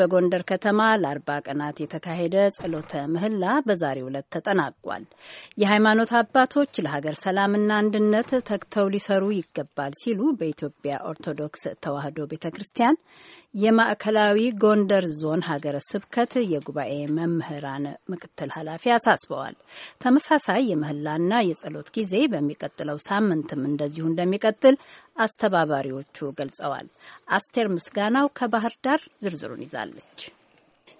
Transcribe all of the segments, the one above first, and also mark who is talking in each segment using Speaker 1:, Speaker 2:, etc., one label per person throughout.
Speaker 1: በጎንደር ከተማ ለአርባ ቀናት የተካሄደ ጸሎተ ምህላ በዛሬው ዕለት ተጠናቋል። የሃይማኖት አባቶች ለሀገር ሰላምና አንድነት ተግተው ሊሰሩ ይገባል ሲሉ በኢትዮጵያ ኦርቶዶክስ ተዋሕዶ ቤተ ክርስቲያን የማዕከላዊ ጎንደር ዞን ሀገረ ስብከት የጉባኤ መምህራን ምክትል ኃላፊ አሳስበዋል። ተመሳሳይ የምህላና የጸሎት ጊዜ በሚቀጥለው ሳምንትም እንደዚሁ እንደሚቀጥል አስተባባሪዎቹ ገልጸዋል። አስቴር ምስጋናው ከባህር ዳር ዝርዝሩን
Speaker 2: ይዛለች።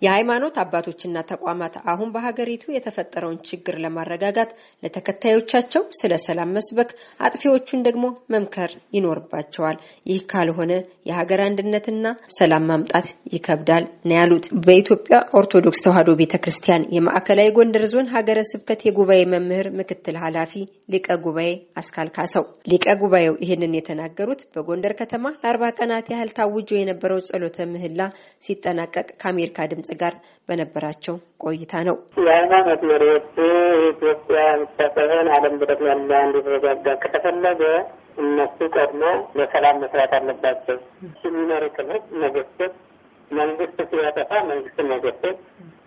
Speaker 2: የሃይማኖት አባቶችና ተቋማት አሁን በሀገሪቱ የተፈጠረውን ችግር ለማረጋጋት ለተከታዮቻቸው ስለ ሰላም መስበክ፣ አጥፊዎቹን ደግሞ መምከር ይኖርባቸዋል። ይህ ካልሆነ የሀገር አንድነትና ሰላም ማምጣት ይከብዳል ነው ያሉት በኢትዮጵያ ኦርቶዶክስ ተዋሕዶ ቤተ ክርስቲያን የማዕከላዊ ጎንደር ዞን ሀገረ ስብከት የጉባኤ መምህር ምክትል ኃላፊ ሊቀ ጉባኤ አስካልካሰው። ሊቀ ጉባኤው ይህንን የተናገሩት በጎንደር ከተማ ለአርባ ቀናት ያህል ታውጆ የነበረው ጸሎተ ምህላ ሲጠናቀቅ ከአሜሪካ ድምጽ ጋር በነበራቸው ቆይታ ነው።
Speaker 3: የሃይማኖት መሪዎች ኢትዮጵያ ብቻ ሳይሆን ዓለም ብረት ያለ እንዲረጋጋ ከተፈለገ እነሱ ቀድሞ ለሰላም መስራት አለባቸው። የሚኖር ክልል መገሰት፣ መንግስት ሲያጠፋ መንግስት መገሰት፣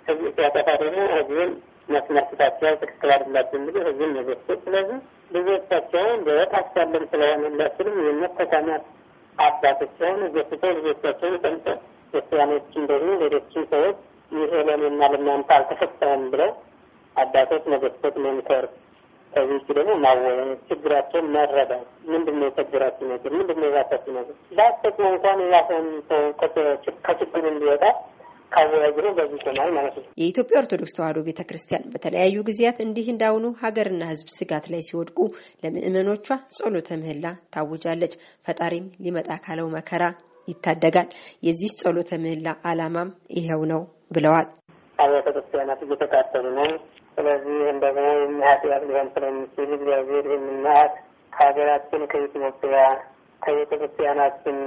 Speaker 3: ህዝብ ሲያጠፋ ደግሞ ህዝብን መስመስታቸው ትክክል አድላቸው እንግዲህ ህዝብን መገሰት። ስለዚህ ልጆቻቸውን በታሳለም ስለሆነላችንም የመተካማት አባቶቻቸውን ገስቶ ልጆቻቸውን ጠምጠ ክርስቲያኖችን ደግሞ ሌሎችም ሰዎች ይሄ ለእኔና ለእናንተ አልተፈጸመም ብለው አባቶች መገሰጥ መምከር ከዚህ ውጭ ደግሞ ማወያየት፣ ችግራቸውን መረዳት። ምንድን ነው የቸግራችሁ ነገር? ምንድን ነው የባሳችሁ ነገር? ባያስጠቅመው እንኳን የባሰውን ሰው ከችግር እንዲወጣ
Speaker 2: የኢትዮጵያ ኦርቶዶክስ ተዋሕዶ ቤተ ክርስቲያን በተለያዩ ጊዜያት እንዲህ እንዳሁኑ ሀገርና ሕዝብ ስጋት ላይ ሲወድቁ ለምእመኖቿ ጸሎተ ምህላ ታውጃለች። ፈጣሪም ሊመጣ ካለው መከራ ይታደጋል። የዚህ ጸሎተ ምህላ ዓላማም ይኸው ነው ብለዋል።
Speaker 3: አብያተ ክርስቲያናት እየተቃጠሉ ነው። ስለዚህ እንደገና የሚሀጢያት ሊሆን ስለሚችል እግዚአብሔር የምናት ሀገራችን ከኢትዮጵያ ከቤተ ክርስቲያናችን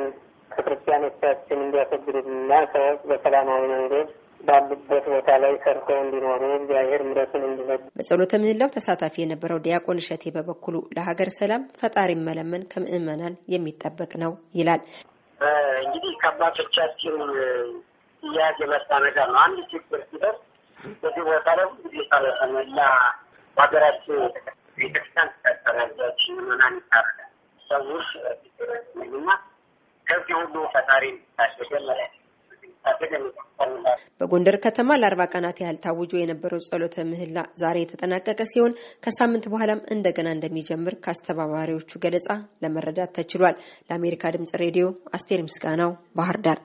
Speaker 3: ከክርስቲያኖቻችን እንዲያስወግድና ሰዎች በሰላማዊ መንገድ ባሉበት ቦታ ላይ ሰርተው እንዲኖሩ እግዚአብሔር ምረቱን እንዲዘግ
Speaker 2: በጸሎተ ምህላው ተሳታፊ የነበረው ዲያቆን እሸቴ በበኩሉ ለሀገር ሰላም ፈጣሪ መለመን ከምእመናን የሚጠበቅ ነው ይላል።
Speaker 3: እንግዲህ ከአባቶቻችን እያዝ የመጣ ነገር ነው። አንድ ችግር ሲደርስ በዚህ ቦታ ላይ ብዙ ጊዜ ሳለሰመላ በሀገራችን ቤተክርስቲያን ተፈጠረች ምናን ይታረዳል ሰዎች ና ከዚህ ሁሉ ፈጣሪ ታሸገለ
Speaker 2: በጎንደር ከተማ ለአርባ ቀናት ያህል ታውጆ የነበረው ጸሎተ ምህላ ዛሬ የተጠናቀቀ ሲሆን ከሳምንት በኋላም እንደገና እንደሚጀምር ከአስተባባሪዎቹ ገለጻ ለመረዳት ተችሏል። ለአሜሪካ ድምጽ ሬዲዮ አስቴር ምስጋናው ባህር ዳር